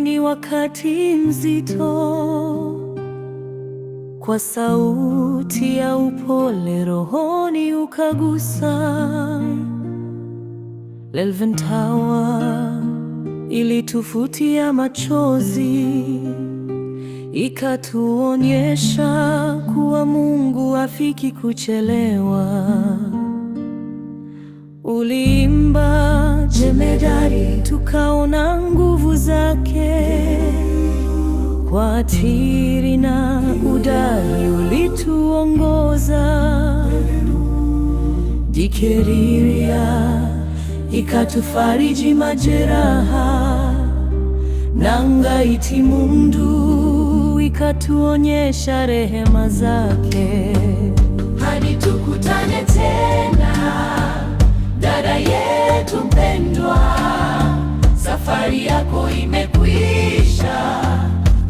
ni wakati mzito, kwa sauti ya upole rohoni ukagusa. Lelven Tower ilitufutia machozi, ikatuonyesha kuwa Mungu hafiki kuchelewa. Uliimba Jemedari, tukaona yake kwa tiri na udani ulituongoza, dikeriria ikatufariji majeraha, nangaiti mundu ikatuonyesha rehema zake hadi tukutane tena. imekwisha,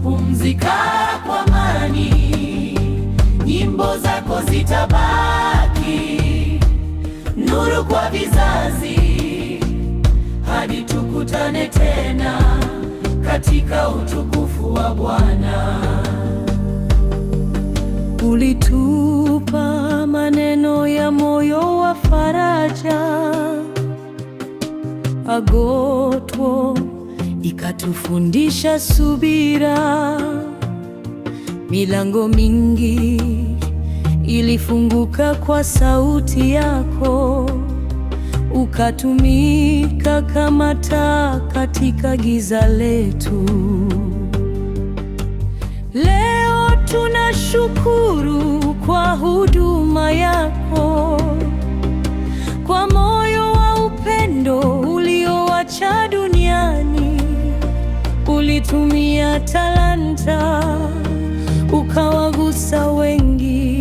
pumzika kwa amani, nyimbo zako zitabaki, nuru kwa vizazi, hadi tukutane tena katika utukufu wa Bwana. Ulitupa maneno ya moyo wa faraja, agotwo ikatufundisha subira. Milango mingi ilifunguka kwa sauti yako, ukatumika kama taa katika giza letu. Leo tunashukuru kwa huduma yako. ulitumia talanta ukawagusa wengi.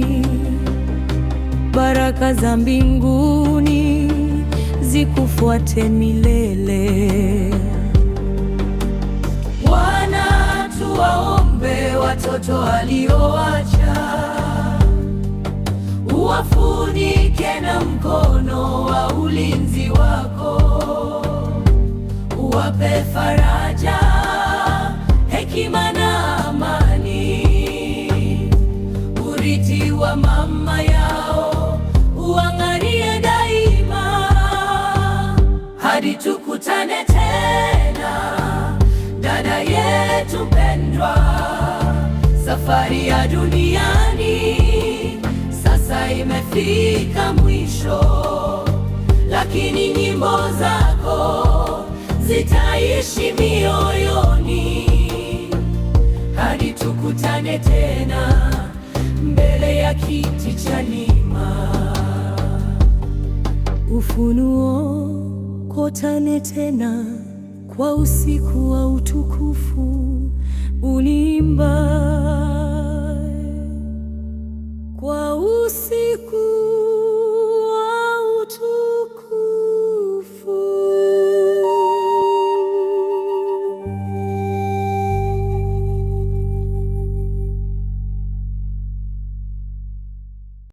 Baraka za mbinguni zikufuate milele. Bwana, tuwaombe watoto walioacha, uwafunike na mkono wa ulinzi wako, uwape faraja hekima na amani. Urithi wa mama yao uangalie daima, hadi tukutane tena, dada yetu pendwa. Safari ya duniani sasa imefika mwisho, lakini nyimbo zako zitaishi mioyoni hadi tukutane tena mbele ya kiti cha neema. Ufunuo, kotane tena kwa usiku wa utukufu uniimba